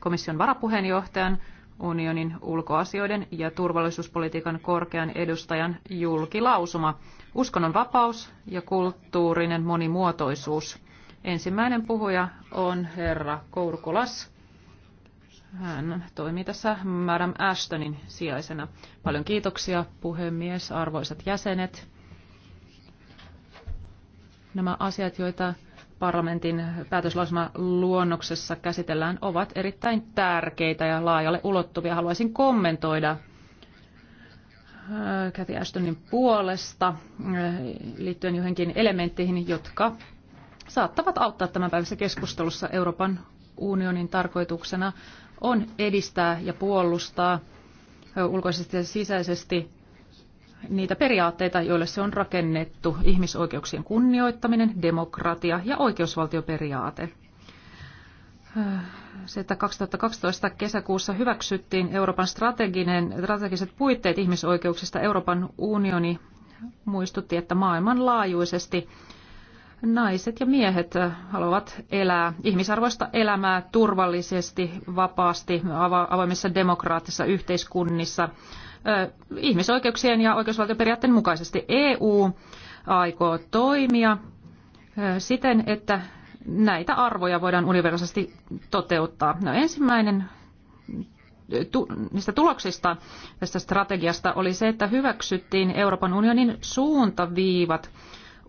komission varapuheenjohtajan, unionin ulkoasioiden ja turvallisuuspolitiikan korkean edustajan julkilausuma. Uskonnonvapaus ja kulttuurinen monimuotoisuus. Ensimmäinen puhuja on herra Kourkulas. Hän toimii tässä Madam Ashtonin sijaisena. Paljon kiitoksia puhemies, arvoisat jäsenet. Nämä asiat, joita parlamentin päätöslausuma luonnoksessa käsitellään, ovat erittäin tärkeitä ja laajalle ulottuvia. Haluaisin kommentoida Kathy äh, Ashtonin puolesta äh, liittyen johonkin elementteihin, jotka saattavat auttaa tämän päivässä keskustelussa. Euroopan unionin tarkoituksena on edistää ja puolustaa äh, ulkoisesti ja sisäisesti niitä periaatteita, joille se on rakennettu, ihmisoikeuksien kunnioittaminen, demokratia ja oikeusvaltioperiaate. Se, että 2012 kesäkuussa hyväksyttiin Euroopan strateginen, strategiset puitteet ihmisoikeuksista, Euroopan unioni muistutti, että maailmanlaajuisesti naiset ja miehet haluavat elää ihmisarvoista elämää turvallisesti, vapaasti, avoimissa demokraattisissa yhteiskunnissa – ihmisoikeuksien ja oikeusvaltioperiaatteen mukaisesti. EU aikoo toimia siten, että näitä arvoja voidaan universaalisesti toteuttaa. No, ensimmäinen tu, niistä tuloksista tästä strategiasta oli se, että hyväksyttiin Euroopan unionin suuntaviivat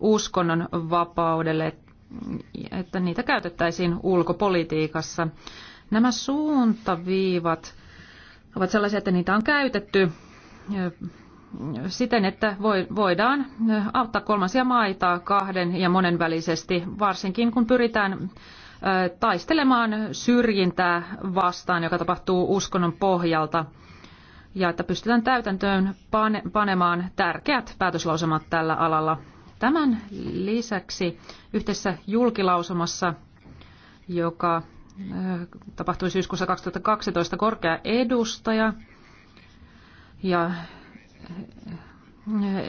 uskonnon vapaudelle, että niitä käytettäisiin ulkopolitiikassa. Nämä suuntaviivat ovat sellaisia, että niitä on käytetty siten, että voidaan auttaa kolmansia maita kahden ja monenvälisesti, varsinkin kun pyritään taistelemaan syrjintää vastaan, joka tapahtuu uskonnon pohjalta, ja että pystytään täytäntöön panemaan tärkeät päätöslausumat tällä alalla. Tämän lisäksi yhteisessä julkilausumassa, joka Äh, tapahtui syyskuussa 2012 korkea edustaja ja äh,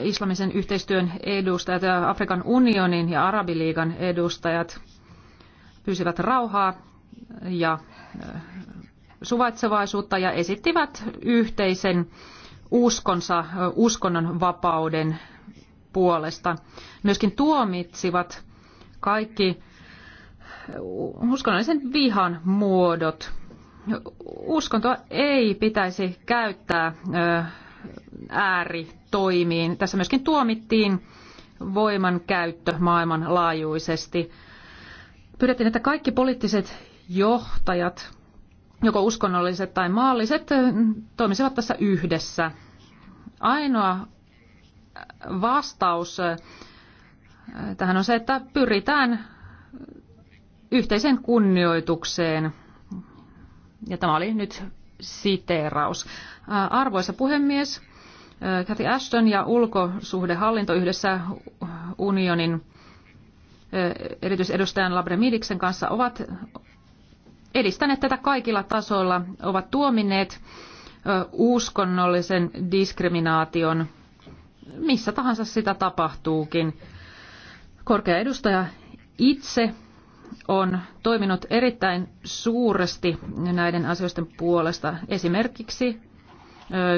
islamisen yhteistyön edustajat ja Afrikan unionin ja Arabiliigan edustajat pyysivät rauhaa ja äh, suvaitsevaisuutta ja esittivät yhteisen uskonsa uskonnon vapauden puolesta. Myöskin tuomitsivat kaikki uskonnollisen vihan muodot. Uskontoa ei pitäisi käyttää ääritoimiin. Tässä myöskin tuomittiin voiman käyttö maailmanlaajuisesti. Pyydettiin, että kaikki poliittiset johtajat, joko uskonnolliset tai maalliset, toimisivat tässä yhdessä. Ainoa vastaus tähän on se, että pyritään yhteiseen kunnioitukseen. Ja tämä oli nyt siteeraus. Arvoisa puhemies, Cathy Ashton ja ulkosuhdehallinto yhdessä unionin erityisedustajan Labre Midiksen kanssa ovat edistäneet tätä kaikilla tasoilla, ovat tuomineet uskonnollisen diskriminaation, missä tahansa sitä tapahtuukin. Korkea edustaja itse on toiminut erittäin suuresti näiden asioiden puolesta. Esimerkiksi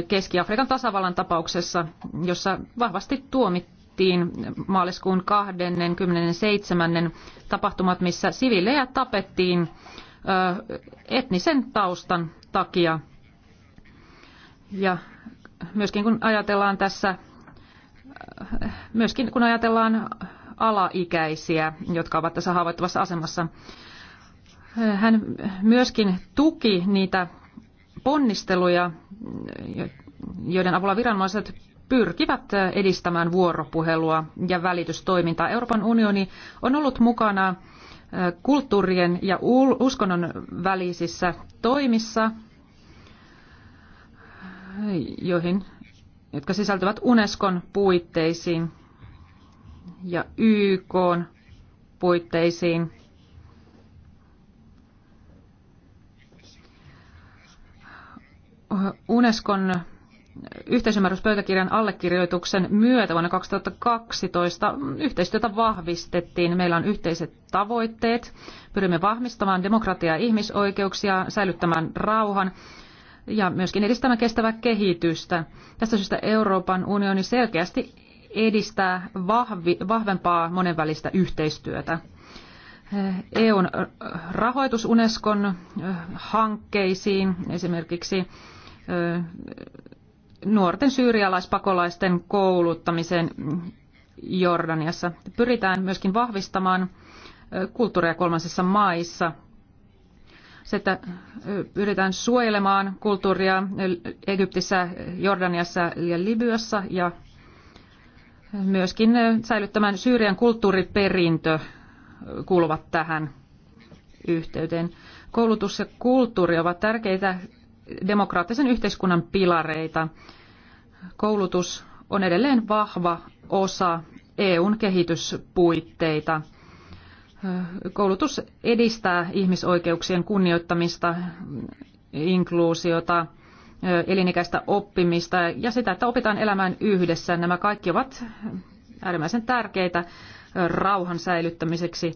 Keski-Afrikan tasavallan tapauksessa, jossa vahvasti tuomittiin maaliskuun 27. tapahtumat, missä siviilejä tapettiin etnisen taustan takia. Ja myöskin kun ajatellaan tässä myöskin kun ajatellaan alaikäisiä, jotka ovat tässä haavoittuvassa asemassa. Hän myöskin tuki niitä ponnisteluja, joiden avulla viranomaiset pyrkivät edistämään vuoropuhelua ja välitystoimintaa. Euroopan unioni on ollut mukana kulttuurien ja uskonnon välisissä toimissa, joihin, jotka sisältyvät Unescon puitteisiin ja YK puitteisiin. Unescon yhteisymmärryspöytäkirjan allekirjoituksen myötä vuonna 2012 yhteistyötä vahvistettiin. Meillä on yhteiset tavoitteet. Pyrimme vahvistamaan demokratiaa ja ihmisoikeuksia, säilyttämään rauhan ja myöskin edistämään kestävää kehitystä. Tästä syystä Euroopan unioni selkeästi edistää vahvi, vahvempaa monenvälistä yhteistyötä. EUn rahoitus Unescon hankkeisiin, esimerkiksi nuorten syyrialaispakolaisten kouluttamiseen Jordaniassa. Pyritään myöskin vahvistamaan kulttuuria kolmansissa maissa. Se, että pyritään suojelemaan kulttuuria Egyptissä, Jordaniassa ja Libyassa ja myöskin säilyttämään Syyrian kulttuuriperintö kuuluvat tähän yhteyteen. Koulutus ja kulttuuri ovat tärkeitä demokraattisen yhteiskunnan pilareita. Koulutus on edelleen vahva osa EUn kehityspuitteita. Koulutus edistää ihmisoikeuksien kunnioittamista, inkluusiota, elinikäistä oppimista ja sitä, että opitaan elämään yhdessä. Nämä kaikki ovat äärimmäisen tärkeitä rauhan säilyttämiseksi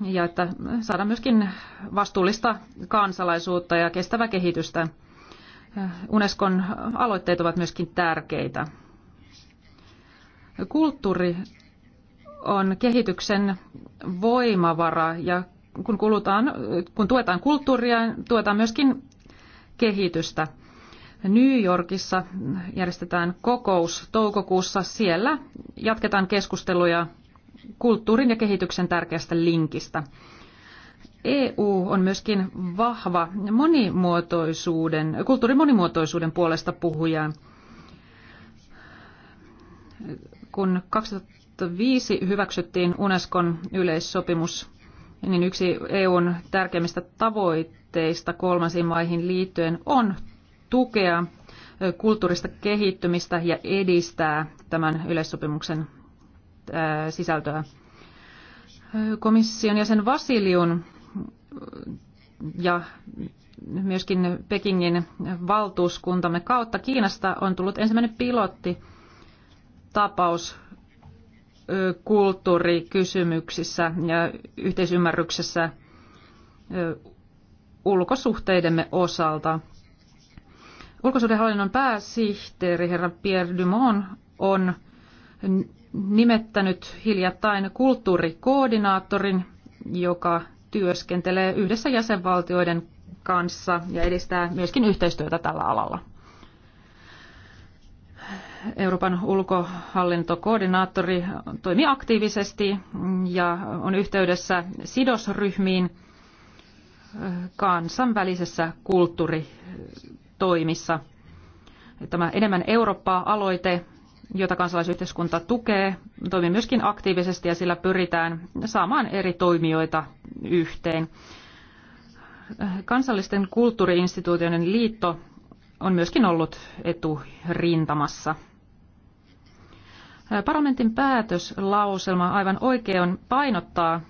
ja että saada myöskin vastuullista kansalaisuutta ja kestävää kehitystä. Unescon aloitteet ovat myöskin tärkeitä. Kulttuuri on kehityksen voimavara ja kun, kulutaan, kun tuetaan kulttuuria, tuetaan myöskin kehitystä. New Yorkissa järjestetään kokous toukokuussa. Siellä jatketaan keskusteluja kulttuurin ja kehityksen tärkeästä linkistä. EU on myöskin vahva monimuotoisuuden, kulttuurin monimuotoisuuden puolesta puhuja. Kun 2005 hyväksyttiin Unescon yleissopimus, niin yksi EUn tärkeimmistä tavoitteista kolmansiin maihin liittyen on tukea kulttuurista kehittymistä ja edistää tämän yleissopimuksen sisältöä. Komission jäsen Vasilion ja myöskin Pekingin valtuuskuntamme kautta Kiinasta on tullut ensimmäinen pilotti tapaus kulttuurikysymyksissä ja yhteisymmärryksessä ulkosuhteidemme osalta. Ulkosuhdehallinnon pääsihteeri herra Pierre Dumont on nimettänyt hiljattain kulttuurikoordinaattorin, joka työskentelee yhdessä jäsenvaltioiden kanssa ja edistää myöskin yhteistyötä tällä alalla. Euroopan ulkohallintokoordinaattori toimii aktiivisesti ja on yhteydessä sidosryhmiin kansainvälisessä kulttuuri toimissa. Tämä Enemmän Eurooppaa-aloite, jota kansalaisyhteiskunta tukee, toimii myöskin aktiivisesti ja sillä pyritään saamaan eri toimijoita yhteen. Kansallisten kulttuuriinstituutioiden liitto on myöskin ollut eturintamassa. Parlamentin päätöslauselma aivan oikein painottaa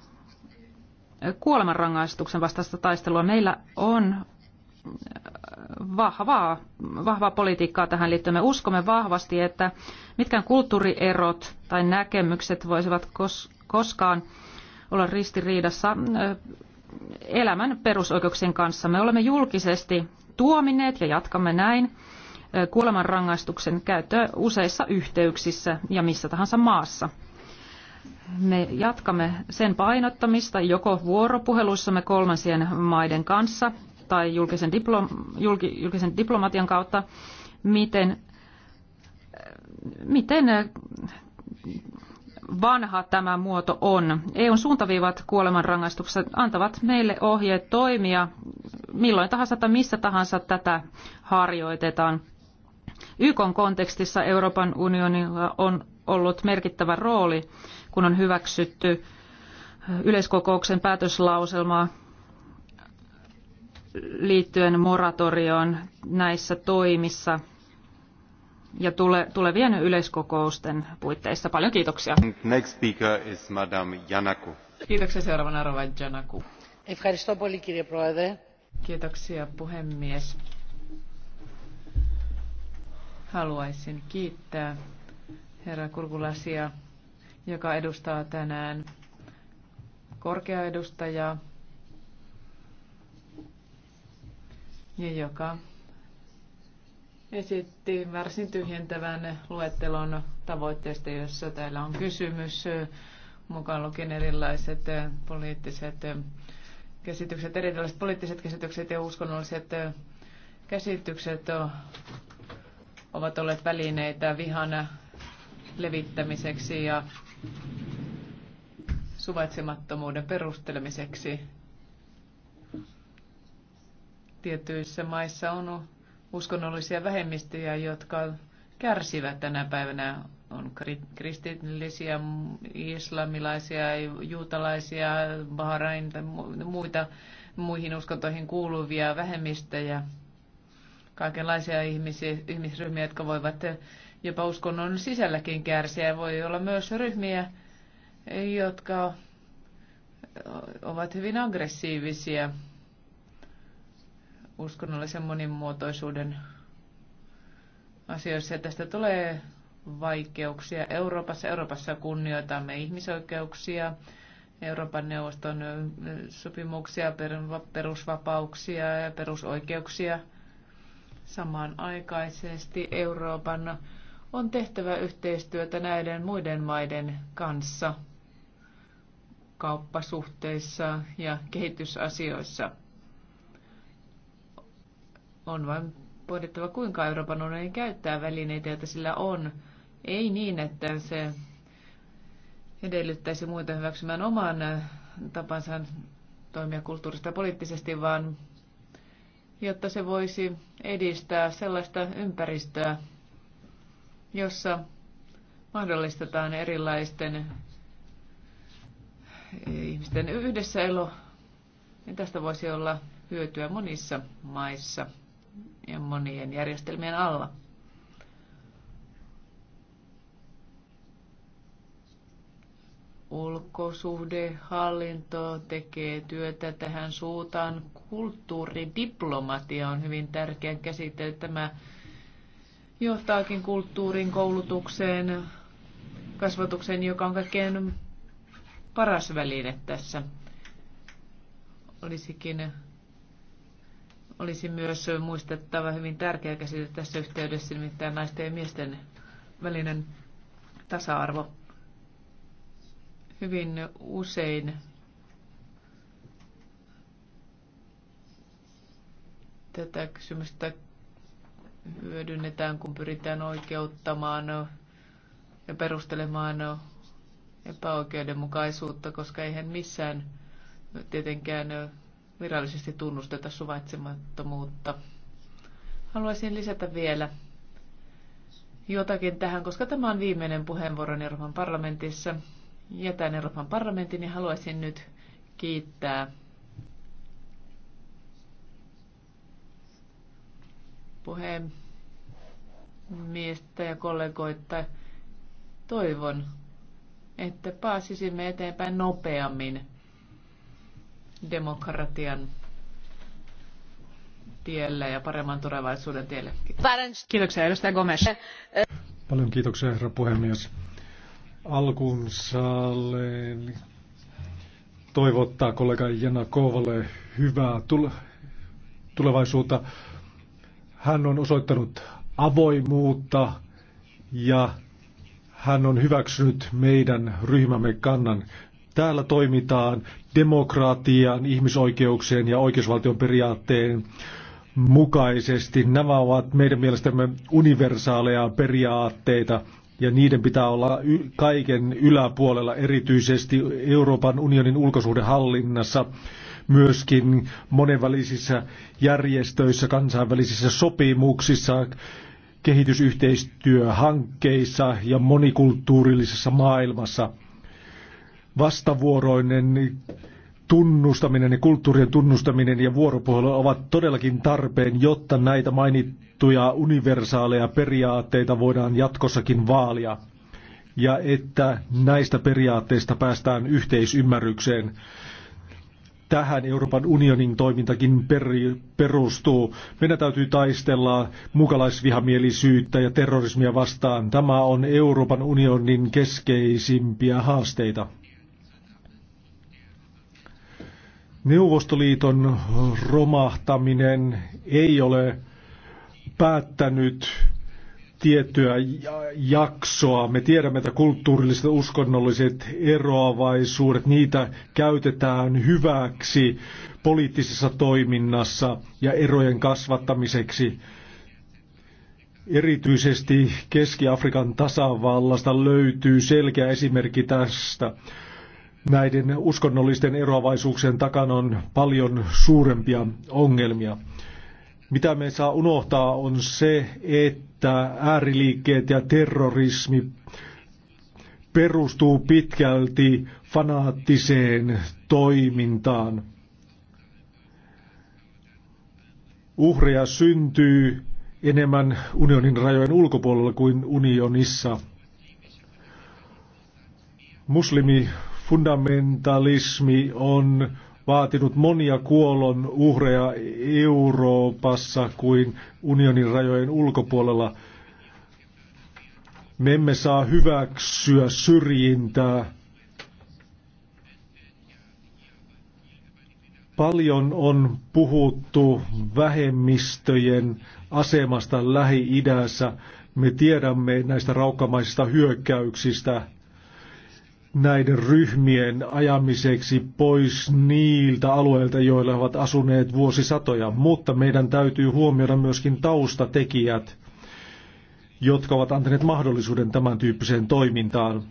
kuolemanrangaistuksen vastaista taistelua. Meillä on vahvaa, vahvaa politiikkaa tähän liittyen. Me uskomme vahvasti, että mitkään kulttuurierot tai näkemykset voisivat kos- koskaan olla ristiriidassa elämän perusoikeuksien kanssa. Me olemme julkisesti tuomineet ja jatkamme näin kuolemanrangaistuksen käyttöä useissa yhteyksissä ja missä tahansa maassa. Me jatkamme sen painottamista joko vuoropuheluissamme kolmansien maiden kanssa tai julkisen, diplo, julk, julkisen diplomatian kautta, miten, miten äh, vanha tämä muoto on. EUn suuntaviivat kuolemanrangaistukset antavat meille ohjeet toimia milloin tahansa tai missä tahansa tätä harjoitetaan. YKn kontekstissa Euroopan unionilla on ollut merkittävä rooli, kun on hyväksytty yleiskokouksen päätöslauselmaa liittyen moratorioon näissä toimissa ja tule, tulevien yleiskokousten puitteissa. Paljon kiitoksia. Next speaker is Madame Janaku. Kiitoksia seuraavana Rova Janaku. Kiitoksia puhemies. Haluaisin kiittää herra Kurkulasia, joka edustaa tänään korkeaedustajaa. edustajaa ja joka esitti varsin tyhjentävän luettelon tavoitteista, jossa täällä on kysymys, mukaan lukien erilaiset poliittiset käsitykset, erilaiset poliittiset käsitykset ja uskonnolliset käsitykset ovat olleet välineitä vihan levittämiseksi ja suvaitsemattomuuden perustelemiseksi Tietyissä maissa on uskonnollisia vähemmistöjä, jotka kärsivät tänä päivänä. On kristillisiä, islamilaisia, juutalaisia, Bahrain tai muita muihin uskontoihin kuuluvia vähemmistöjä. Kaikenlaisia ihmisiä, ihmisryhmiä, jotka voivat jopa uskonnon sisälläkin kärsiä. Voi olla myös ryhmiä, jotka ovat hyvin aggressiivisia uskonnollisen monimuotoisuuden asioissa. Ja tästä tulee vaikeuksia Euroopassa. Euroopassa kunnioitamme ihmisoikeuksia, Euroopan neuvoston sopimuksia, perusvapauksia ja perusoikeuksia. Samanaikaisesti Euroopan on tehtävä yhteistyötä näiden muiden maiden kanssa kauppasuhteissa ja kehitysasioissa. On vain pohdittava, kuinka Euroopan unioni käyttää välineitä, joita sillä on. Ei niin, että se edellyttäisi muita hyväksymään oman äh, tapansa toimia kulttuurista ja poliittisesti, vaan jotta se voisi edistää sellaista ympäristöä, jossa mahdollistetaan erilaisten eh, ihmisten yhdessäelo. Ja tästä voisi olla hyötyä monissa maissa ja monien järjestelmien alla. Ulkosuhdehallinto tekee työtä tähän suuntaan. Kulttuuridiplomatia on hyvin tärkeä käsite. Tämä johtaakin kulttuurin koulutukseen, kasvatukseen, joka on kaikkein paras väline tässä. Olisikin olisi myös muistettava hyvin tärkeä käsite tässä yhteydessä, nimittäin naisten ja miesten välinen tasa-arvo. Hyvin usein tätä kysymystä hyödynnetään, kun pyritään oikeuttamaan ja perustelemaan epäoikeudenmukaisuutta, koska eihän missään tietenkään virallisesti tunnusteta suvaitsemattomuutta. Haluaisin lisätä vielä jotakin tähän, koska tämä on viimeinen puheenvuoro Euroopan parlamentissa. Jätän Euroopan parlamentin ja haluaisin nyt kiittää puhemiestä ja kollegoita. Toivon, että pääsisimme eteenpäin nopeammin demokratian tielle ja paremman tulevaisuuden tielle. Kiitos. Kiitoksia, edustaja Gomes. Paljon kiitoksia, herra puhemies. Alkuun saaleen toivottaa kollega Jena Kovalle hyvää tulevaisuutta. Hän on osoittanut avoimuutta ja hän on hyväksynyt meidän ryhmämme kannan. Täällä toimitaan demokraatian, ihmisoikeuksien ja oikeusvaltion periaatteen mukaisesti. Nämä ovat meidän mielestämme universaaleja periaatteita ja niiden pitää olla kaiken yläpuolella, erityisesti Euroopan unionin ulkosuhdehallinnassa, myöskin monenvälisissä järjestöissä, kansainvälisissä sopimuksissa, kehitysyhteistyöhankkeissa ja monikulttuurillisessa maailmassa – vastavuoroinen tunnustaminen ja kulttuurien tunnustaminen ja vuoropuhelu ovat todellakin tarpeen, jotta näitä mainittuja universaaleja periaatteita voidaan jatkossakin vaalia ja että näistä periaatteista päästään yhteisymmärrykseen. Tähän Euroopan unionin toimintakin perustuu. Meidän täytyy taistella mukalaisvihamielisyyttä ja terrorismia vastaan. Tämä on Euroopan unionin keskeisimpiä haasteita. Neuvostoliiton romahtaminen ei ole päättänyt tiettyä jaksoa. Me tiedämme, että kulttuurilliset uskonnolliset eroavaisuudet, niitä käytetään hyväksi poliittisessa toiminnassa ja erojen kasvattamiseksi. Erityisesti Keski-Afrikan tasavallasta löytyy selkeä esimerkki tästä näiden uskonnollisten eroavaisuuksien takana on paljon suurempia ongelmia. Mitä me saa unohtaa on se, että ääriliikkeet ja terrorismi perustuu pitkälti fanaattiseen toimintaan. Uhreja syntyy enemmän unionin rajojen ulkopuolella kuin unionissa. Muslimi Fundamentalismi on vaatinut monia kuolon uhreja Euroopassa kuin unionin rajojen ulkopuolella. Me emme saa hyväksyä syrjintää. Paljon on puhuttu vähemmistöjen asemasta Lähi-idässä. Me tiedämme näistä raukkamaisista hyökkäyksistä näiden ryhmien ajamiseksi pois niiltä alueilta, joilla ovat asuneet vuosisatoja, mutta meidän täytyy huomioida myöskin taustatekijät, jotka ovat antaneet mahdollisuuden tämän tyyppiseen toimintaan.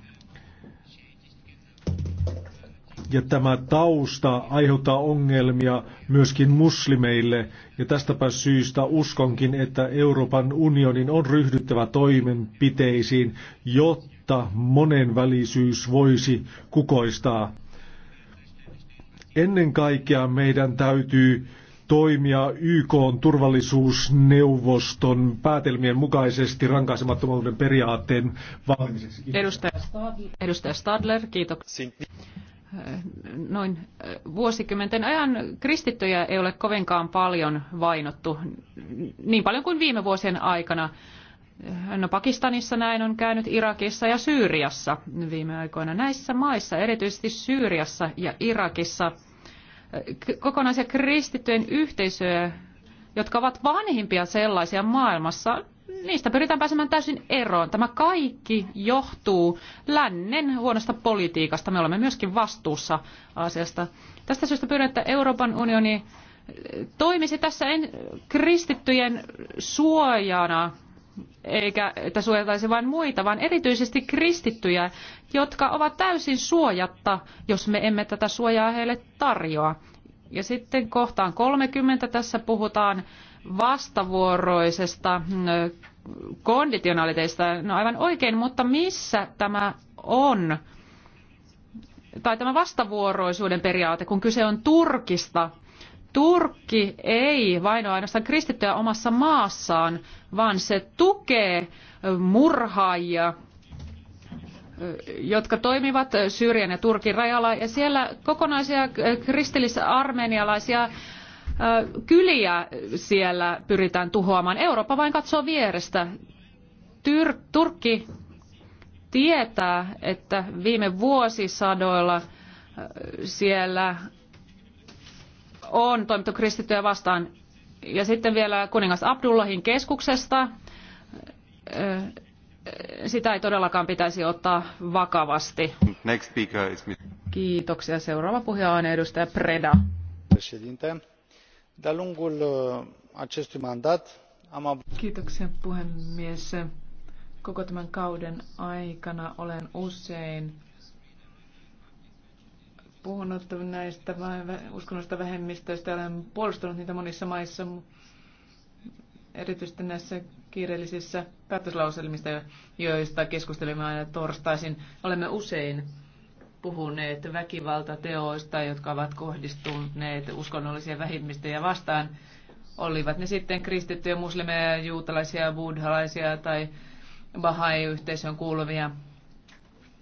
Ja tämä tausta aiheuttaa ongelmia myöskin muslimeille, ja tästäpä syystä uskonkin, että Euroopan unionin on ryhdyttävä toimenpiteisiin, jotta jotta monenvälisyys voisi kukoistaa. Ennen kaikkea meidän täytyy toimia YK turvallisuusneuvoston päätelmien mukaisesti rankaisemattomuuden periaatteen valmiseksi. Edustaja, edustaja Stadler, kiitoksia. Noin vuosikymmenten ajan kristittyjä ei ole kovinkaan paljon vainottu, niin paljon kuin viime vuosien aikana. No Pakistanissa näin on käynyt Irakissa ja Syyriassa viime aikoina. Näissä maissa, erityisesti Syyriassa ja Irakissa, kokonaisia kristittyjen yhteisöjä, jotka ovat vanhimpia sellaisia maailmassa, niistä pyritään pääsemään täysin eroon. Tämä kaikki johtuu lännen huonosta politiikasta. Me olemme myöskin vastuussa asiasta. Tästä syystä pyydän, että Euroopan unioni toimisi tässä en, kristittyjen suojana eikä että suojeltaisi vain muita, vaan erityisesti kristittyjä, jotka ovat täysin suojatta, jos me emme tätä suojaa heille tarjoa. Ja sitten kohtaan 30 tässä puhutaan vastavuoroisesta mm, konditionaliteista. No aivan oikein, mutta missä tämä on? Tai tämä vastavuoroisuuden periaate, kun kyse on Turkista – Turkki ei vain ole ainoastaan kristittyä omassa maassaan, vaan se tukee murhaajia, jotka toimivat Syyrian ja Turkin rajalla. Ja siellä kokonaisia kristillis-armenialaisia kyliä siellä pyritään tuhoamaan. Eurooppa vain katsoo vierestä. Tyr- Turkki tietää, että viime vuosisadoilla siellä on toimittu kristittyjä vastaan. Ja sitten vielä kuningas Abdullahin keskuksesta. Sitä ei todellakaan pitäisi ottaa vakavasti. Next speaker is... Kiitoksia. Seuraava puhuja on edustaja Preda. Kiitoksia puhemies. Koko tämän kauden aikana olen usein puhunut näistä uskonnollisista vähemmistöistä. Olen puolustanut niitä monissa maissa, erityisesti näissä kiireellisissä päätöslauselmista, joista keskustelemme aina torstaisin. Olemme usein puhuneet väkivaltateoista, jotka ovat kohdistuneet uskonnollisia vähemmistöjä vastaan. Olivat ne sitten kristittyjä, muslimeja, juutalaisia, buddhalaisia tai bahai-yhteisön kuuluvia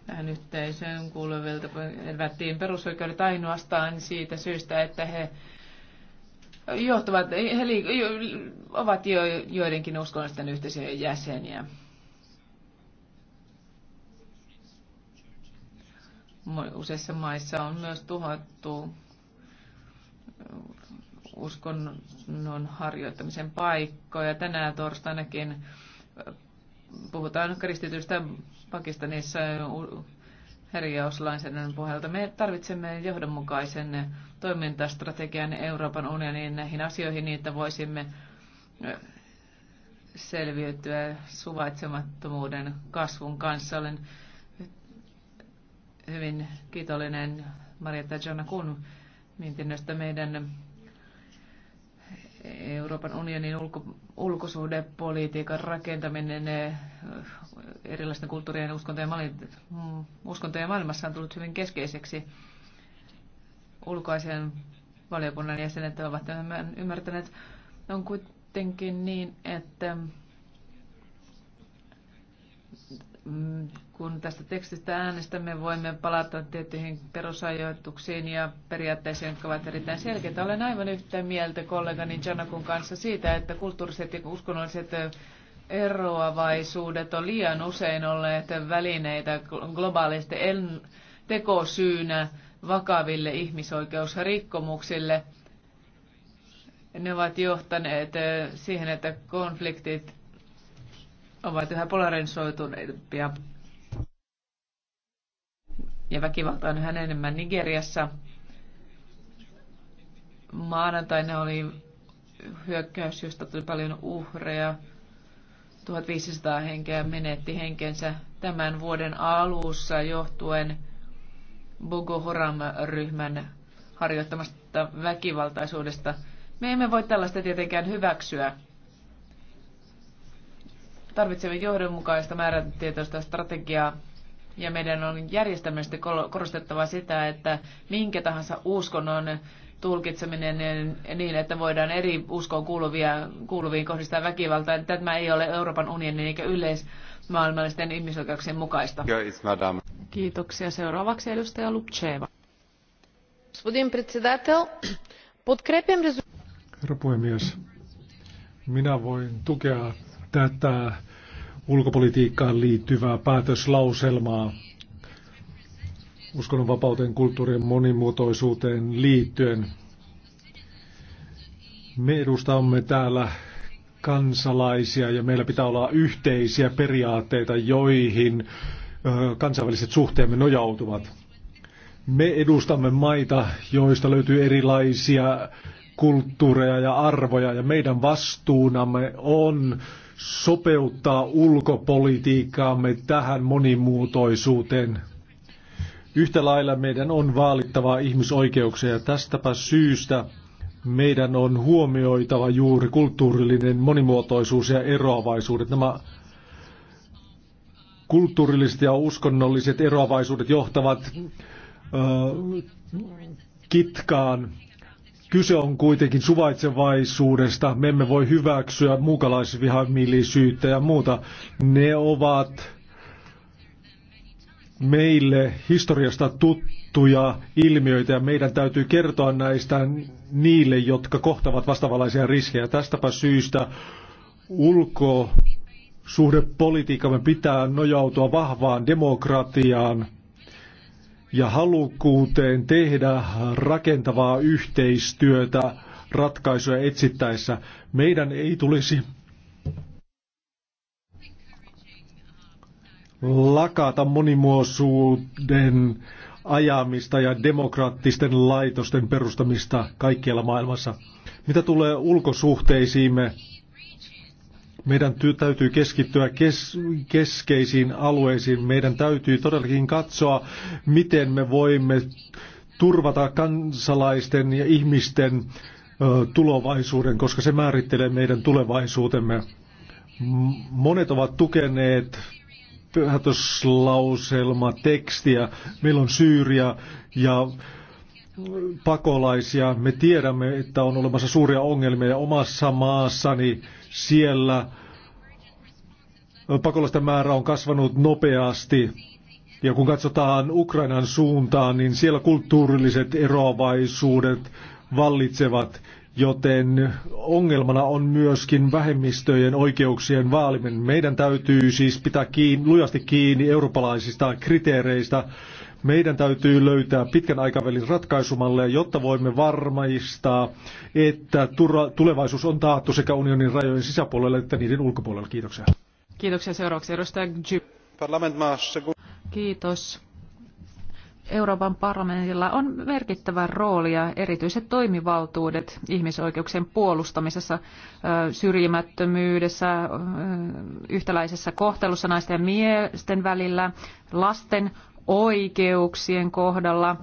tähän yhteisöön kuuluvilta evättiin perusoikeudet ainoastaan siitä syystä, että he johtuvat, he li, ovat jo joidenkin uskonnollisten yhteisöjen jäseniä. Useissa maissa on myös tuhottu uskonnon harjoittamisen paikkoja. Tänään torstainakin puhutaan kristitystä Pakistanissa herjauslainsäädännön pohjalta. Me tarvitsemme johdonmukaisen toimintastrategian Euroopan unionin näihin asioihin, niin että voisimme selviytyä suvaitsemattomuuden kasvun kanssa. Olen hyvin kiitollinen Marietta Jona Kun mietinnöstä meidän Euroopan unionin ulko ulkosuhdepolitiikan rakentaminen erilaisten kulttuurien uskontojen, uskontojen maailmassa on tullut hyvin keskeiseksi. Ulkoasian valiokunnan jäsenet ovat tämän ymmärtäneet. On kuitenkin niin, että Mm, kun tästä tekstistä äänestämme, voimme palata tiettyihin perusajoituksiin ja periaatteisiin, jotka ovat erittäin selkeitä. Olen aivan yhtä mieltä kollegani Janakun kanssa siitä, että kulttuuriset ja uskonnolliset eroavaisuudet on liian usein olleet välineitä globaalisti tekosyynä vakaville ihmisoikeusrikkomuksille. Ne ovat johtaneet siihen, että konfliktit ovat yhä polarisoituneempia. Ja väkivalta on yhä enemmän Nigeriassa. Maanantaina oli hyökkäys, josta tuli paljon uhreja. 1500 henkeä menetti henkensä tämän vuoden alussa johtuen Boko Haram-ryhmän harjoittamasta väkivaltaisuudesta. Me emme voi tällaista tietenkään hyväksyä. Tarvitsemme johdonmukaista määrätietoista strategiaa ja meidän on järjestelmästi korostettava sitä, että minkä tahansa uskonnon tulkitseminen niin, että voidaan eri uskoon kuuluvia, kuuluviin kohdistaa väkivaltaa. Tämä ei ole Euroopan unionin eikä yleismaailmallisten ihmisoikeuksien mukaista. Kiitoksia. Seuraavaksi edustaja Lubcheva. Herra puhemies, minä voin tukea tätä ulkopolitiikkaan liittyvää päätöslauselmaa uskonnonvapauteen, kulttuurien monimuotoisuuteen liittyen. Me edustamme täällä kansalaisia ja meillä pitää olla yhteisiä periaatteita, joihin kansainväliset suhteemme nojautuvat. Me edustamme maita, joista löytyy erilaisia kulttuureja ja arvoja ja meidän vastuunamme on äh, sopeuttaa ulkopolitiikkaamme tähän monimuotoisuuteen. Yhtä lailla meidän on vaalittava ihmisoikeuksia ja tästäpä syystä meidän on huomioitava juuri kulttuurillinen monimuotoisuus ja eroavaisuudet. Nämä kulttuurilliset ja uskonnolliset eroavaisuudet johtavat äh, kitkaan Kyse on kuitenkin suvaitsevaisuudesta. Me emme voi hyväksyä muukalaisvihamielisyyttä ja muuta. Ne ovat meille historiasta tuttuja ilmiöitä ja meidän täytyy kertoa näistä niille, jotka kohtavat vastaavanlaisia riskejä. Tästäpä syystä ulkosuhdepolitiikkamme pitää nojautua vahvaan demokratiaan – ja halukkuuteen tehdä rakentavaa yhteistyötä ratkaisuja etsittäessä. Meidän ei tulisi lakata monimuosuuden ajamista ja demokraattisten laitosten perustamista kaikkialla maailmassa. Mitä tulee ulkosuhteisiimme, meidän työ täytyy keskittyä kes, keskeisiin alueisiin. Meidän täytyy todellakin katsoa, miten me voimme turvata kansalaisten ja ihmisten tulevaisuuden, koska se määrittelee meidän tulevaisuutemme. Monet ovat tukeneet päätöslauselma tekstiä. Meillä on Syyria ja pakolaisia. Me tiedämme, että on olemassa suuria ongelmia omassa maassani siellä. Pakolaisten määrä on kasvanut nopeasti. Ja kun katsotaan Ukrainan suuntaan, niin siellä kulttuurilliset eroavaisuudet vallitsevat, joten ongelmana on myöskin vähemmistöjen oikeuksien vaaliminen. Meidän täytyy siis pitää kiinni, lujasti kiinni eurooppalaisista kriteereistä, meidän täytyy löytää pitkän aikavälin ratkaisumalle, jotta voimme varmaistaa, että tulevaisuus on taattu sekä unionin rajojen sisäpuolella että niiden ulkopuolella. Kiitoksia. Kiitoksia seuraavaksi edustaja Kiitos. Euroopan parlamentilla on merkittävä rooli ja erityiset toimivaltuudet ihmisoikeuksien puolustamisessa, syrjimättömyydessä, yhtäläisessä kohtelussa naisten ja miesten välillä, lasten oikeuksien kohdalla.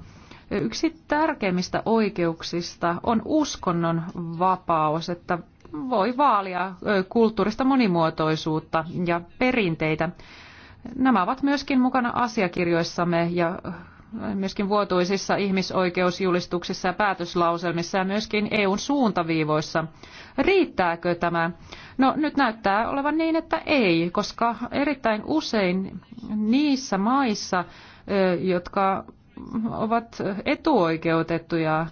Yksi tärkeimmistä oikeuksista on uskonnon vapaus, että voi vaalia kulttuurista monimuotoisuutta ja perinteitä. Nämä ovat myöskin mukana asiakirjoissamme ja myöskin vuotuisissa ihmisoikeusjulistuksissa ja päätöslauselmissa ja myöskin EUn suuntaviivoissa. Riittääkö tämä? No nyt näyttää olevan niin, että ei, koska erittäin usein niissä maissa, jotka ovat etuoikeutettuja,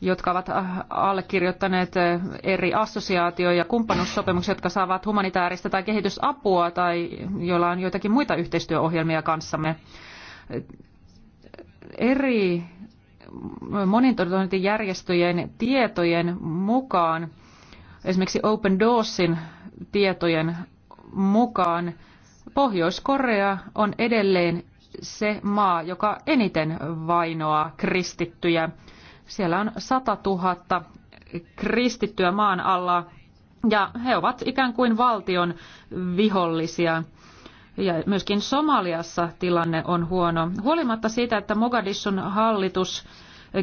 jotka ovat äh, allekirjoittaneet eri assosiaatio- ja kumppanuussopimuksia, jotka saavat humanitaarista tai kehitysapua tai joilla on joitakin muita yhteistyöohjelmia kanssamme. Eri monitorointijärjestöjen tietojen mukaan, esimerkiksi Open Doorsin tietojen mukaan, Pohjois-Korea on edelleen se maa, joka eniten vainoaa kristittyjä. Siellä on 100 000 kristittyä maan alla ja he ovat ikään kuin valtion vihollisia. Ja myöskin Somaliassa tilanne on huono. Huolimatta siitä, että Mogadishun hallitus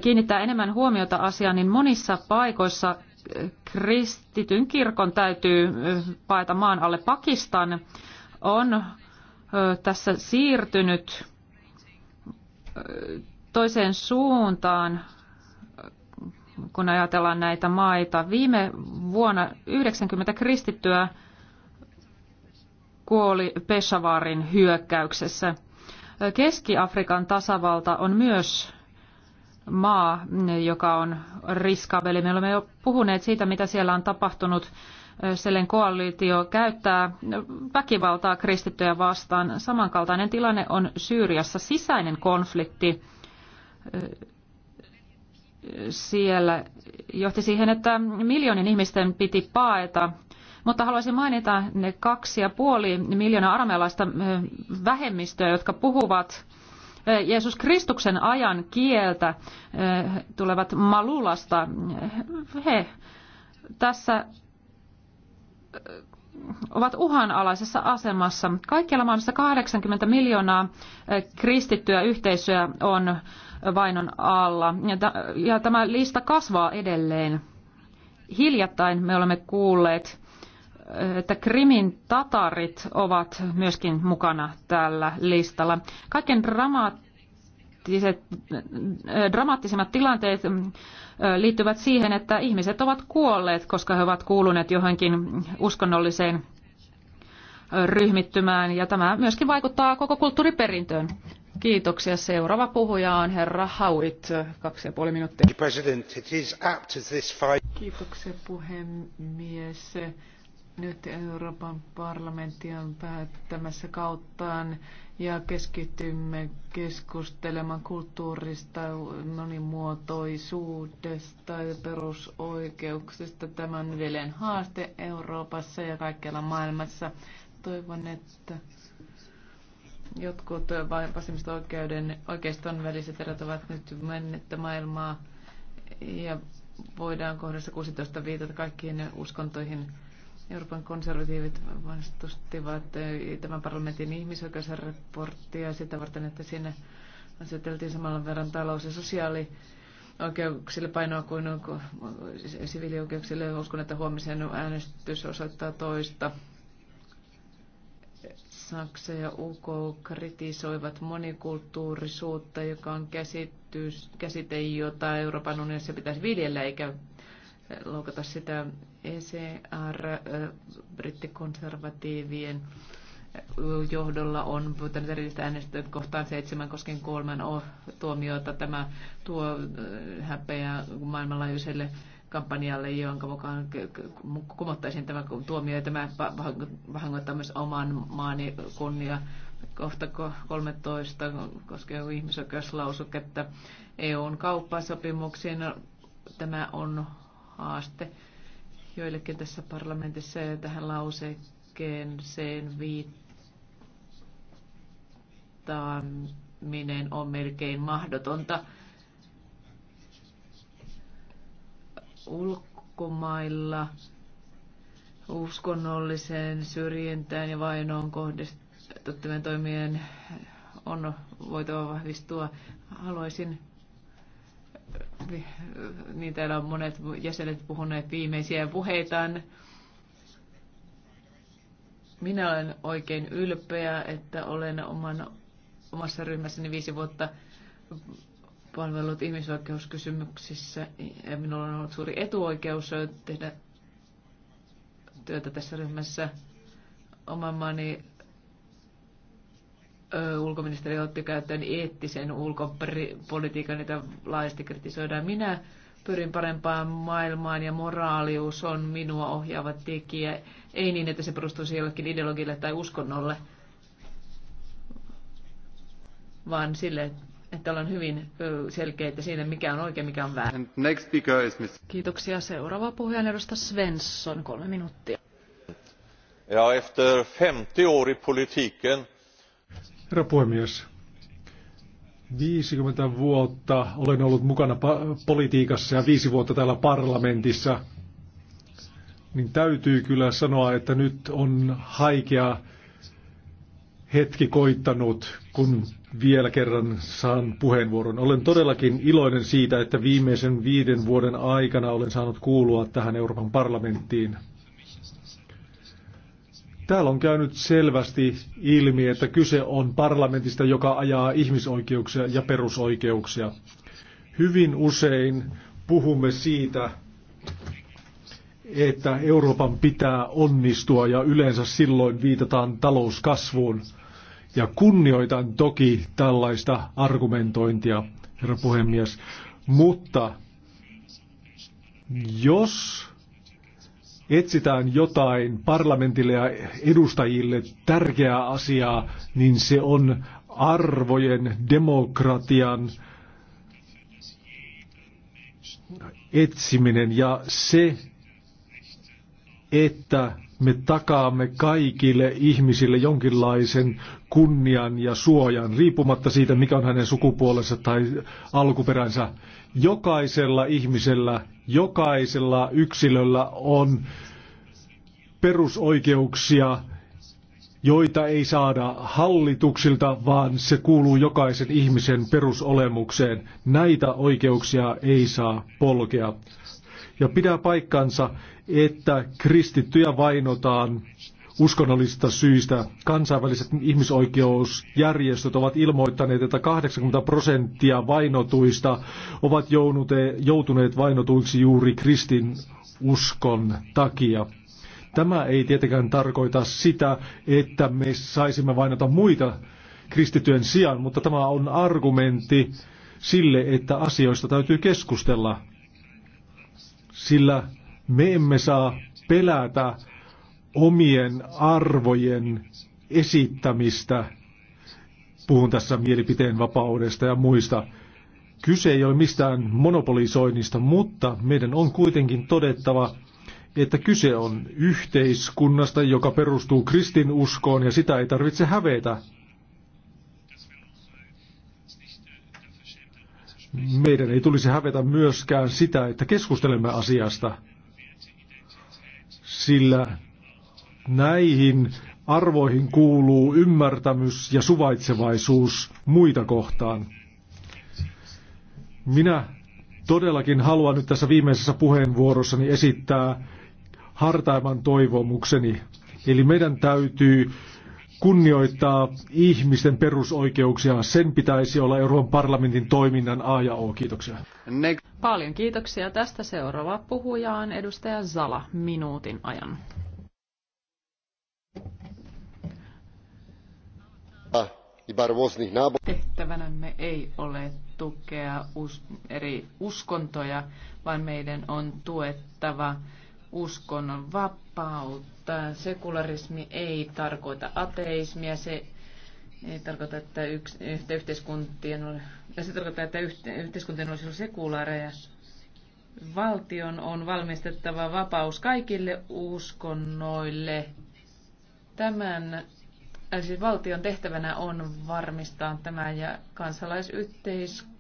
kiinnittää enemmän huomiota asiaan, niin monissa paikoissa kristityn kirkon täytyy paeta maan alle. Pakistan on tässä siirtynyt toiseen suuntaan, kun ajatellaan näitä maita. Viime vuonna 90 kristittyä kuoli Peshavarin hyökkäyksessä. Keski-Afrikan tasavalta on myös maa, joka on riskaabeli. Me olemme jo puhuneet siitä, mitä siellä on tapahtunut Selen koalitio käyttää väkivaltaa kristittyjä vastaan. Samankaltainen tilanne on Syyriassa sisäinen konflikti eh, siellä johti siihen, että miljoonin ihmisten piti paeta. Mutta haluaisin mainita ne kaksi ja puoli miljoonaa aramealaista eh, vähemmistöä, jotka puhuvat eh, Jeesus Kristuksen ajan kieltä, tulevat Malulasta. He tässä ovat uhanalaisessa asemassa. Kaikkialla maailmassa 80 miljoonaa eh, kristittyä yhteisöä on vainon alla ja tämä lista kasvaa edelleen. Hiljattain me olemme kuulleet, eh, että Krimin tatarit ovat myöskin mukana tällä listalla. Kaiken dramaattisesti dramaattiset, dramaattisimmat tilanteet liittyvät siihen, että ihmiset ovat kuolleet, koska he ovat kuuluneet johonkin uskonnolliseen ryhmittymään ja tämä myöskin vaikuttaa koko kulttuuriperintöön. Kiitoksia. Seuraava puhuja on herra Hauit, kaksi ja puoli minuuttia. Kiitoksia puhemies. Nyt Euroopan parlamentti on päättämässä kauttaan ja keskitymme keskustelemaan kulttuurista, monimuotoisuudesta ja perusoikeuksista. Tämä on edelleen haaste Euroopassa ja kaikkialla maailmassa. Toivon, että jotkut vasemmisto-oikeuden oikeiston väliset erot ovat nyt mennettä maailmaa ja voidaan kohdassa 16 viitata kaikkiin uskontoihin Euroopan konservatiivit vastustivat eh, tämän parlamentin ihmisoikeusraporttia sitä varten, että sinne aseteltiin samalla verran talous- ja sosiaali oikeuksille painoa kuin siis siviilioikeuksille. Uskon, että huomisen äänestys osoittaa toista. Saksa ja UK kritisoivat monikulttuurisuutta, joka on käsitys, käsite, jota Euroopan unionissa pitäisi viljellä, eikä loukata sitä ECR brittikonservatiivien johdolla on pyytänyt erillistä äänestystä kohtaan seitsemän kosken kolman tuomiota. Tämä tuo häpeä maailmanlaajuiselle kampanjalle, jonka mukaan kumottaisiin tämä tuomio. Ja tämä vahingoittaa myös oman maani kunnia. Kohta 13 koskee ihmisoikeuslausuketta EUn kauppasopimuksiin. No, tämä on haaste joillekin tässä parlamentissa ja tähän sen viittaaminen on melkein mahdotonta. Ulkomailla uskonnolliseen syrjintään ja vainoon kohdistettujen toimien on voitava vahvistua. Haluaisin niin täällä on monet jäsenet puhuneet viimeisiä puheitaan. Minä olen oikein ylpeä, että olen oman, omassa ryhmässäni viisi vuotta palvellut ihmisoikeuskysymyksissä ja minulla on ollut suuri etuoikeus tehdä työtä tässä ryhmässä. Oman maani ulkoministeri otti käyttöön eettisen ulkopolitiikan, jota laajasti kritisoidaan. Minä pyrin parempaan maailmaan ja moraalius on minua ohjaava tekijä. Ei niin, että se perustuisi jollekin ideologille tai uskonnolle, vaan sille, että ollaan hyvin selkeä, että siinä, mikä on oikein, mikä on väärin. Next speaker is Miss... Kiitoksia. Seuraava edustaja Svensson, kolme minuuttia. Ja efter 50 år i politiken Herra puhemies, 50 vuotta olen ollut mukana politiikassa ja viisi vuotta täällä parlamentissa, niin täytyy kyllä sanoa, että nyt on haikea hetki koittanut, kun vielä kerran saan puheenvuoron. Olen todellakin iloinen siitä, että viimeisen viiden vuoden aikana olen saanut kuulua tähän Euroopan parlamenttiin. Täällä on käynyt selvästi ilmi, että kyse on parlamentista, joka ajaa ihmisoikeuksia ja perusoikeuksia. Hyvin usein puhumme siitä, että Euroopan pitää onnistua ja yleensä silloin viitataan talouskasvuun. Ja kunnioitan toki tällaista argumentointia, herra puhemies. Mutta jos etsitään jotain parlamentille ja edustajille tärkeää asiaa, niin se on arvojen, demokratian etsiminen ja se, että me takaamme kaikille ihmisille jonkinlaisen kunnian ja suojan, riippumatta siitä, mikä on hänen sukupuolensa tai alkuperänsä. Jokaisella ihmisellä, jokaisella yksilöllä on perusoikeuksia, joita ei saada hallituksilta, vaan se kuuluu jokaisen ihmisen perusolemukseen. Näitä oikeuksia ei saa polkea. Ja pidä paikkansa, että kristittyjä vainotaan uskonnollisista syistä. Kansainväliset ihmisoikeusjärjestöt ovat ilmoittaneet, että 80 prosenttia vainotuista ovat joutuneet vainotuiksi juuri kristin uskon takia. Tämä ei tietenkään tarkoita sitä, että me saisimme vainota muita kristityön sijaan, mutta tämä on argumentti sille, että asioista täytyy keskustella sillä me emme saa pelätä omien arvojen esittämistä. Puhun tässä mielipiteen vapaudesta ja muista. Kyse ei ole mistään monopolisoinnista, mutta meidän on kuitenkin todettava, että kyse on yhteiskunnasta, joka perustuu kristinuskoon ja sitä ei tarvitse hävetä. Meidän ei tulisi hävetä myöskään sitä, että keskustelemme asiasta, sillä näihin arvoihin kuuluu ymmärtämys ja suvaitsevaisuus muita kohtaan. Minä todellakin haluan nyt tässä viimeisessä puheenvuorossani esittää hartaimman toivomukseni. Eli meidän täytyy kunnioittaa ihmisten perusoikeuksia. Sen pitäisi olla Euroopan parlamentin toiminnan A ja O. Kiitoksia. Paljon kiitoksia tästä. Seuraava puhuja on edustaja Zala minuutin ajan. Tehtävänämme ei ole tukea eri uskontoja, vaan meidän on tuettava uskonnon vapautta. Sekularismi ei tarkoita ateismia, se ei tarkoita, että, yks, että yhteiskuntien, se tarkoittaa, että yhteiskuntien olisi ollut sekulaareja. Valtion on valmistettava vapaus kaikille uskonnoille. Tämän, äh, siis valtion tehtävänä on varmistaa tämä ja kansalaisyhteiskunta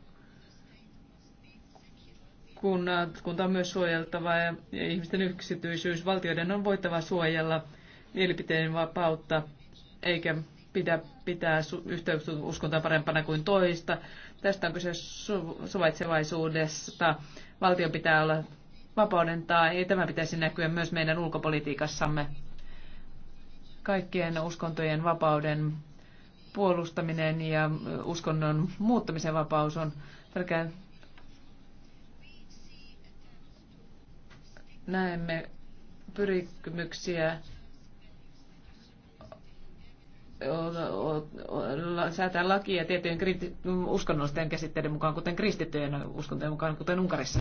kunnat, kunta on myös suojeltava ja ihmisten yksityisyys. Valtioiden on voitava suojella mielipiteen vapautta, eikä pidä pitää yhteyttä uskontoa parempana kuin toista. Tästä on kyse su- suvaitsevaisuudesta. Valtio pitää olla vapauden tai ei tämä pitäisi näkyä myös meidän ulkopolitiikassamme. Kaikkien uskontojen vapauden puolustaminen ja uskonnon muuttamisen vapaus on tärkeää näemme pyrkimyksiä säätää lakia tiettyjen uskonnollisten käsitteiden mukaan, kuten kristittyjen uskontojen mukaan, kuten Unkarissa.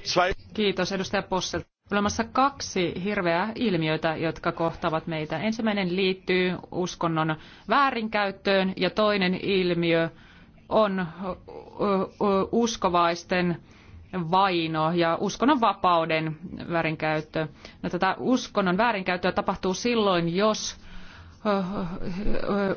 Kiitos edustaja Possel. Olemassa kaksi hirveää ilmiötä, jotka kohtavat meitä. Ensimmäinen liittyy uskonnon väärinkäyttöön ja toinen ilmiö on uskovaisten vaino ja uskonnon vapauden väärinkäyttö. No, tätä uskonnon väärinkäyttöä tapahtuu silloin, jos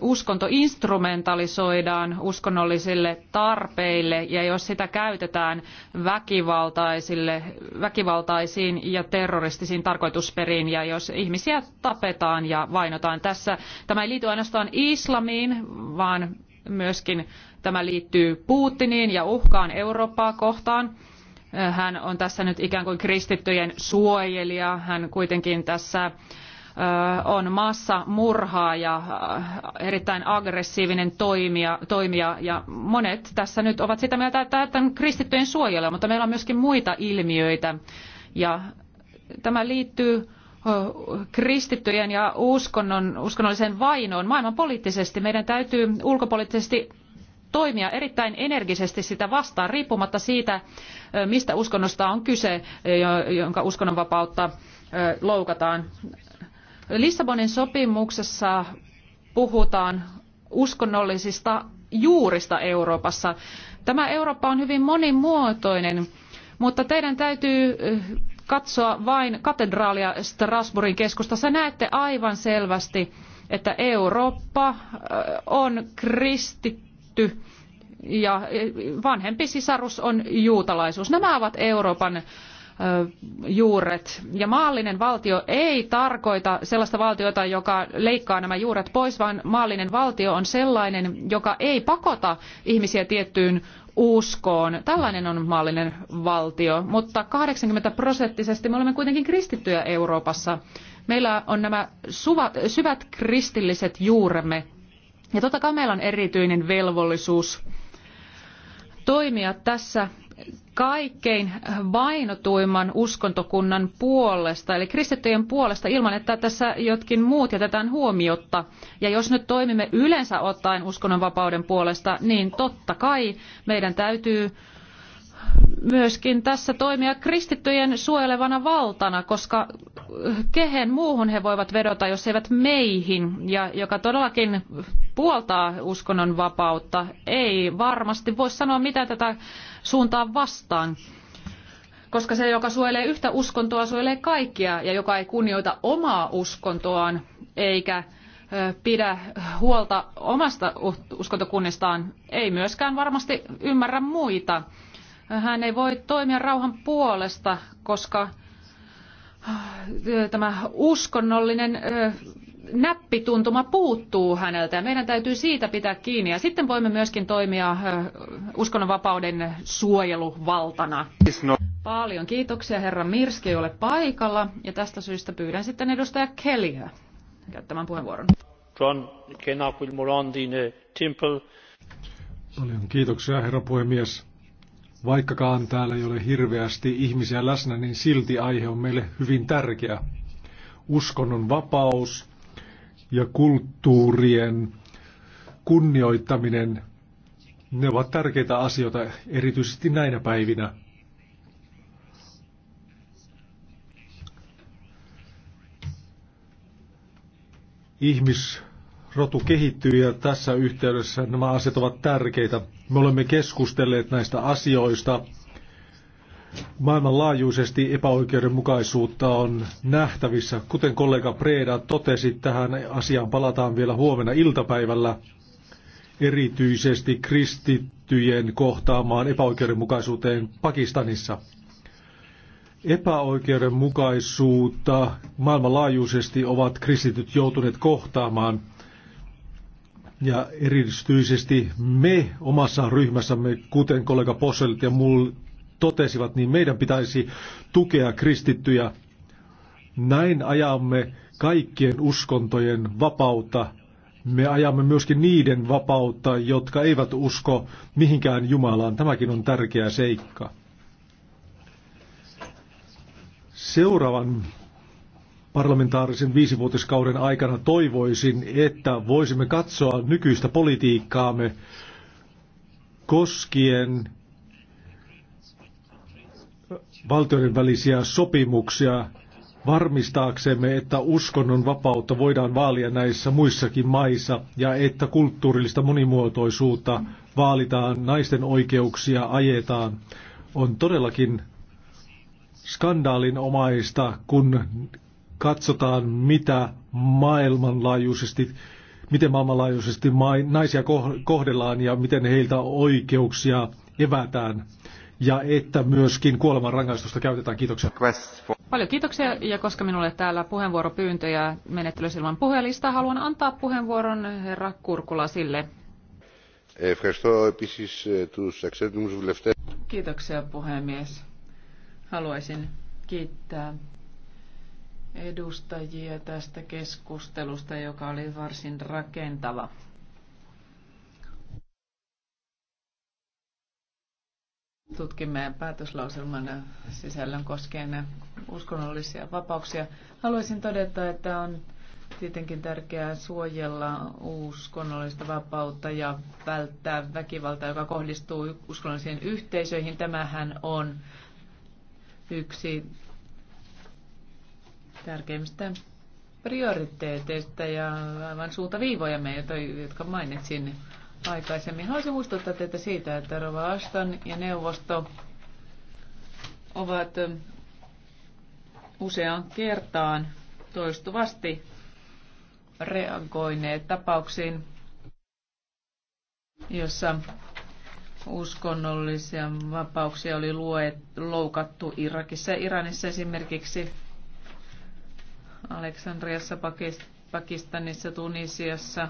uskonto instrumentalisoidaan uskonnollisille tarpeille ja jos sitä käytetään väkivaltaisille, väkivaltaisiin ja terroristisiin tarkoitusperiin ja jos ihmisiä tapetaan ja vainotaan tässä. Tämä ei liity ainoastaan islamiin, vaan myöskin tämä liittyy Putiniin ja uhkaan Eurooppaa kohtaan hän on tässä nyt ikään kuin kristittyjen suojelija. Hän kuitenkin tässä on maassa murhaa ja erittäin aggressiivinen toimija, toimija ja monet tässä nyt ovat sitä mieltä, että tämä on kristittyjen suojelija, mutta meillä on myöskin muita ilmiöitä ja tämä liittyy kristittyjen ja uskonnon, uskonnollisen vainoon maailman poliittisesti. Meidän täytyy ulkopoliittisesti toimia erittäin energisesti sitä vastaan, riippumatta siitä, mistä uskonnosta on kyse, jonka uskonnonvapautta loukataan. Lissabonin sopimuksessa puhutaan uskonnollisista juurista Euroopassa. Tämä Eurooppa on hyvin monimuotoinen, mutta teidän täytyy katsoa vain katedraalia Strasbourgin keskustassa. Näette aivan selvästi, että Eurooppa on kristitty kristitty ja vanhempi sisarus on juutalaisuus. Nämä ovat Euroopan juuret. Ja maallinen valtio ei tarkoita sellaista valtiota, joka leikkaa nämä juuret pois, vaan maallinen valtio on sellainen, joka ei pakota ihmisiä tiettyyn uskoon. Tällainen on maallinen valtio, mutta 80 prosenttisesti me olemme kuitenkin kristittyjä Euroopassa. Meillä on nämä syvät kristilliset juuremme ja totta kai meillä on erityinen velvollisuus toimia tässä kaikkein vainotuimman uskontokunnan puolesta, eli kristittyjen puolesta, ilman että tässä jotkin muut jätetään huomiotta. Ja jos nyt toimimme yleensä ottaen uskonnonvapauden puolesta, niin totta kai meidän täytyy myöskin tässä toimia kristittyjen suojelevana valtana, koska kehen muuhun he voivat vedota, jos eivät meihin, ja joka todellakin puoltaa uskonnon vapautta, ei varmasti voi sanoa mitä tätä suuntaa vastaan. Koska se, joka suojelee yhtä uskontoa, suojelee kaikkia, ja joka ei kunnioita omaa uskontoaan, eikä pidä huolta omasta uskontokunnistaan, ei myöskään varmasti ymmärrä muita. Hän ei voi toimia rauhan puolesta, koska Ah, tämä uskonnollinen näppituntuma puuttuu häneltä ja meidän täytyy siitä pitää kiinni ja sitten voimme myöskin toimia uskonnonvapauden suojeluvaltana. Paljon kiitoksia herra Mirski, ei ole paikalla ja tästä syystä pyydän sitten edustaja Kellyä käyttämään puheenvuoron. Uh, Paljon kiitoksia herra puhemies. Vaikkakaan täällä ei ole hirveästi ihmisiä läsnä, niin silti aihe on meille hyvin tärkeä. Uskonnon vapaus ja kulttuurien kunnioittaminen, ne ovat tärkeitä asioita erityisesti näinä päivinä. Ihmis rotu kehittyy ja tässä yhteydessä nämä asiat ovat tärkeitä. Me olemme keskustelleet näistä asioista. Maailmanlaajuisesti epäoikeudenmukaisuutta on nähtävissä. Kuten kollega Preda totesi, tähän asiaan palataan vielä huomenna iltapäivällä. Erityisesti kristittyjen kohtaamaan epäoikeudenmukaisuuteen Pakistanissa epäoikeudenmukaisuutta maailmanlaajuisesti ovat kristityt joutuneet kohtaamaan. Ja erityisesti me omassa ryhmässämme, kuten kollega Posselt ja muu totesivat, niin meidän pitäisi tukea kristittyjä. Näin ajamme kaikkien uskontojen vapautta. Me ajamme myöskin niiden vapautta, jotka eivät usko mihinkään Jumalaan. Tämäkin on tärkeä seikka. Seuraavan parlamentaarisen viisivuotiskauden aikana toivoisin, että voisimme katsoa nykyistä politiikkaamme koskien valtioiden välisiä sopimuksia varmistaaksemme, että uskonnon vapautta voidaan vaalia näissä muissakin maissa ja että kulttuurillista monimuotoisuutta vaalitaan, naisten oikeuksia ajetaan, on todellakin skandaalinomaista, kun katsotaan, mitä maailmanlaajuisesti, miten maailmanlaajuisesti naisia kohdellaan ja miten heiltä oikeuksia evätään ja että myöskin kuolemanrangaistusta käytetään. Kiitoksia. Paljon kiitoksia ja koska minulle täällä puheenvuoropyyntöjä menettelyssä ilman puhelista, haluan antaa puheenvuoron herra Kurkula sille. Kiitoksia puhemies. Haluaisin kiittää edustajia tästä keskustelusta, joka oli varsin rakentava. Tutkimme päätöslauselman sisällön koskien uskonnollisia vapauksia. Haluaisin todeta, että on tietenkin tärkeää suojella uskonnollista vapautta ja välttää väkivaltaa, joka kohdistuu uskonnollisiin yhteisöihin. Tämähän on yksi tärkeimmistä prioriteeteista ja aivan suuntaviivoja me, jotka mainitsin aikaisemmin. Haluaisin muistuttaa teitä siitä, että Rova Aston ja neuvosto ovat useaan kertaan toistuvasti reagoineet tapauksiin, jossa uskonnollisia vapauksia oli loukattu Irakissa ja Iranissa esimerkiksi Aleksandriassa, Pakistanissa, Tunisiassa,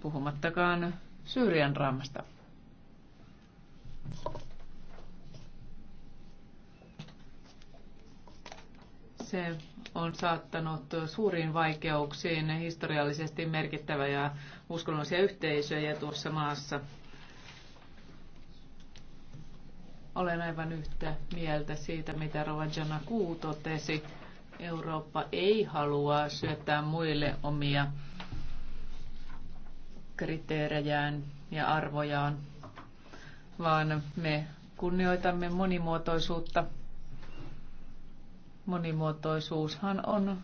puhumattakaan Syyrian raamasta. Se on saattanut suuriin vaikeuksiin historiallisesti merkittävä ja uskonnollisia yhteisöjä tuossa maassa. Olen aivan yhtä mieltä siitä, mitä Rovajana Kuu totesi. Eurooppa ei halua syöttää muille omia kriteerejään ja arvojaan, vaan me kunnioitamme monimuotoisuutta. Monimuotoisuushan on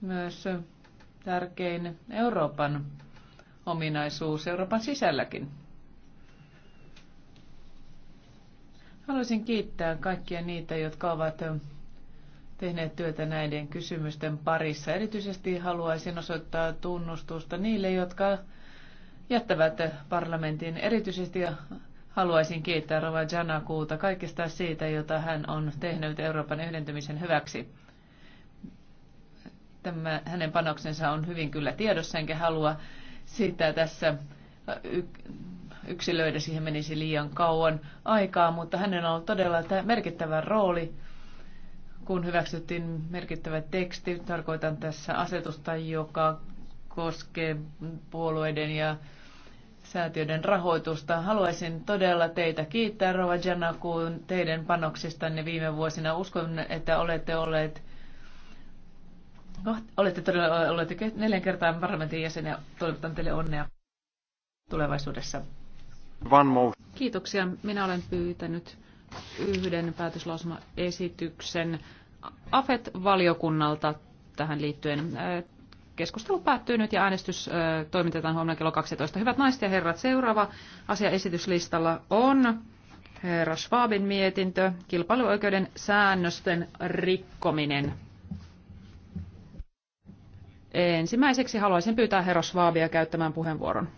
myös tärkein Euroopan ominaisuus Euroopan sisälläkin. Haluaisin kiittää kaikkia niitä, jotka ovat tehneet työtä näiden kysymysten parissa. Erityisesti haluaisin osoittaa tunnustusta niille, jotka jättävät parlamentin. Erityisesti haluaisin kiittää Rova Janakuuta kaikesta siitä, jota hän on tehnyt Euroopan yhdentymisen hyväksi. Tämä, hänen panoksensa on hyvin kyllä tiedossa, enkä halua sitä tässä yksilöidä, siihen menisi liian kauan aikaa, mutta hänen on ollut todella merkittävä rooli, kun hyväksyttiin merkittävä teksti. Tarkoitan tässä asetusta, joka koskee puolueiden ja säätiöiden rahoitusta. Haluaisin todella teitä kiittää, Rova Janakuun, teidän panoksistanne viime vuosina. Uskon, että olette olleet olette todella olette neljän kertaa parlamentin jäseniä. Toivotan teille onnea tulevaisuudessa. Kiitoksia. Minä olen pyytänyt yhden päätöslausumaesityksen AFET-valiokunnalta tähän liittyen. Äh, keskustelu päättyy nyt ja äänestys äh, toimitetaan huomenna kello 12. Hyvät naiset ja herrat, seuraava asia esityslistalla on herra Schwabin mietintö, kilpailuoikeuden säännösten rikkominen. Ensimmäiseksi haluaisin pyytää herra Schwabia käyttämään puheenvuoron.